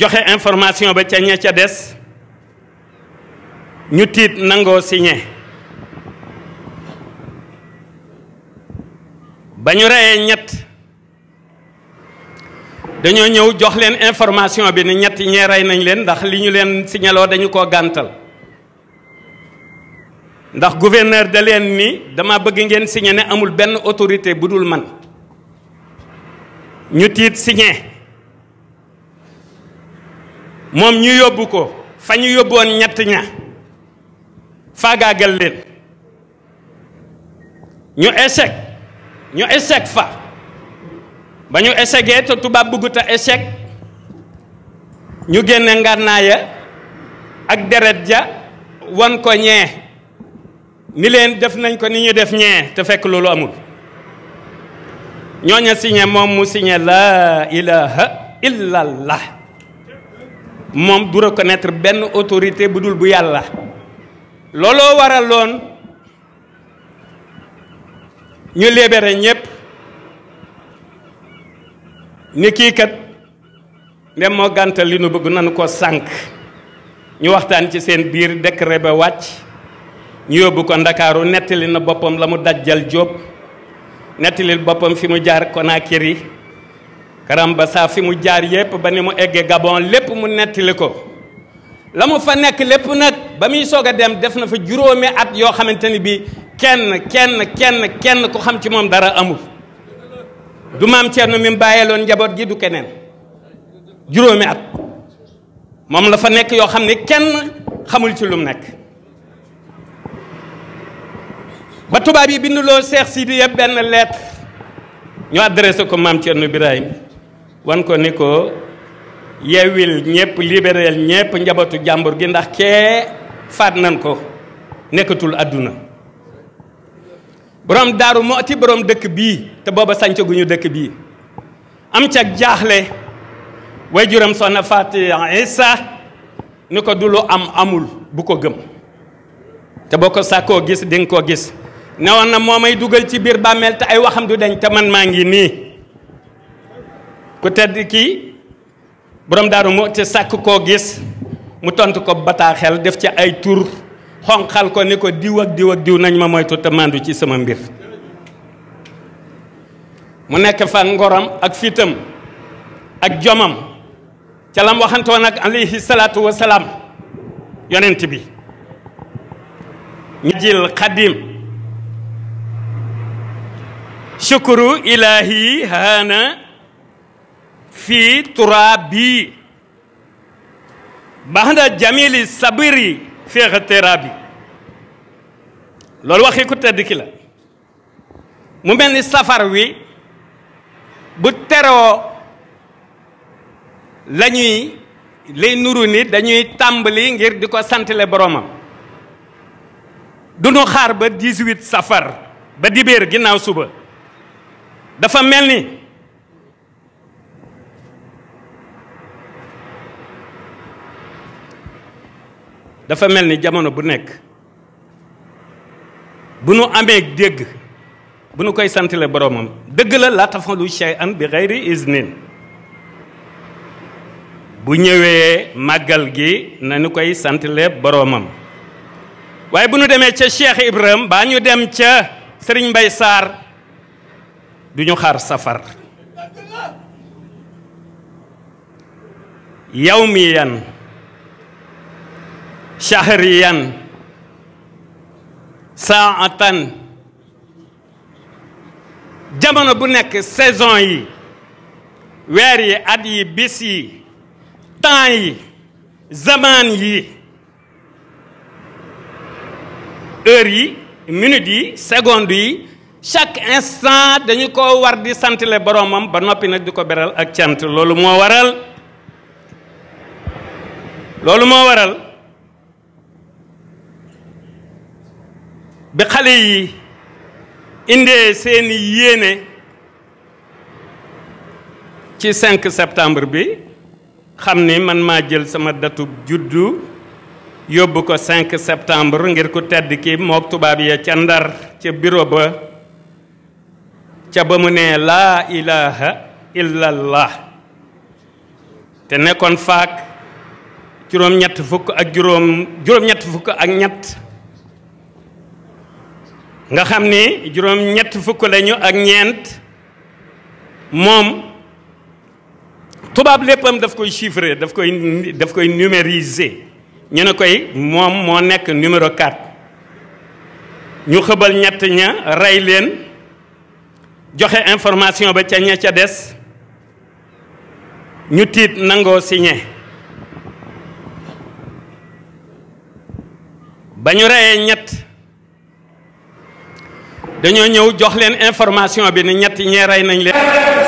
joxe information ba ca ña ca des ñu tiit nangoo signé ba ñu reyee ñett dañoo ñëw jox leen information bi ni ñett ñee rey nañ leen ndax li ñu leen signaloo dañu ko gàntal ndax gouverneur da leen ni dama bëgg ngeen signé ne amul benn autorité bu dul man ñu tiit signé moom ñu yóbbu ko fa ñu yóbbuwoon ñett ña faagaagal leen ñu échec ñu échec fa ba ñu échecgee te tubaab bëggut a échec ñu génne ngànnaaya ak deret ja wan ko ñee ni leen def nañ ko ni ñu def ñee te fekk loolu amul ñooña signé moom mu signé la ilaha illallah moom du reconnaître benn autorité bu dul bu yàlla looloo waraloon ñu libéré ñépp ni kii kat ndem moo gàntal li nu bëgg nanu ko sànk ñu waxtaan ci seen biir décret ba wàcc ñu yóbbu ko ndakaaru nettali na boppam la mu dajjal jóob nettali boppam fi mu jaar Conakry Karambassa fi mu jaar yépp ba ni mu eggee Gabon lépp mu nettali ko la mu fa nekk lépp nag ba muy soog a dem def na fa juróomi at yoo xamante ni bii kenn kenn kenn kenn ku xam ci moom dara amul du maam Thierno mi mu bàyyeeloon njaboot gi du keneen juróomi at moom la fa nekk yoo xam ne kenn xamul ci lu mu nekk ba tubaab yi binduloo Cheikh Sidiya benn lettre ñu adressé ko maam Thierno Birahim wan ko ni ko yewil ñëpp libéral ñëpp njabootu jàmbur gi ndax kee faat nan ko nekkatul àdduna borom daaru mooti borom dëkk bii te booba sànc guñu dëkk bii am ca jaaxle way juram soxna Faati Isa ni ko du lu am amul bu ko gëm te boo ko sàkkoo gis di nga koo gis ne na moo may dugal ci biir bàmmeel te ay waxam du deñ te man maa ngi nii ku tedd kii borom daaru mu ci sàkk koo gis mu tontu ko bataaxel def ci ay tur xonqal ko ni ko diw ak diw ak diw nañ ma moytu te mandu ci sama mbir mu nekk fa ngoram ak fitam ak jomam ca lam waxantoon ak alayhi salaatu yonent bi ñu jil xadim shukru ilahi hana fi turabi baxnda jamili sabiri feexa terabi loolu waxi ku tedd ki la mu mel ni safar wi bu teroo lañuy lay nuru ni dañuy tàmbali ngir di ko santale boromam duñu xaar ba 18 safar ba dibéer ginnaaw suba dafa mel ni dafa mel ni jamono bu nekk bu nu amee dégg bu nu koy santale boroomam dëgg la laa tafalu shay'an bi xayri iznin bu ñëwee màggal gi nañu koy santale boroomam waaye bu nu demee ca Cheikh Ibrahim baa ñu dem ca sëriñ Mbaye saar du ñu xaar safar yawmiyan shahriyan saatan jamono bu nekk saison yi weer yi at yi bis yi temps yi zaman yi heure yi minute yi seconde yi chaque instant dañu ko war di santle boroomam ba noppi nag di ko beral ak cant loolu moo waral loolu moo waral bi xale yi indee seeni yéene ci 5 septembre bi xam ni man maa jël sama datu juddu yóbbu ko 5 septembre ngir ku tedd ki mook tubaab ya ca ndar ca bureau ba ca ba mu nee laa ilaha illallah te nekkoon faak juróom-ñett fukk ak juróom juróom-ñett fukk ak ñett nga xam ni juróom-ñett fukk lañu ak ñeent moom tubaab léppam daf koy chiffrer daf koy daf koy numériser ñu ne koy moom moo nekk numéro 4 ñu xëbal ñett ña rey leen joxe information ba ca ña ca des ñu tiit nangoo signé ba ñu reyee ñett dañoo ñëw jox leen information bi ne ñett ñee rey nañ leen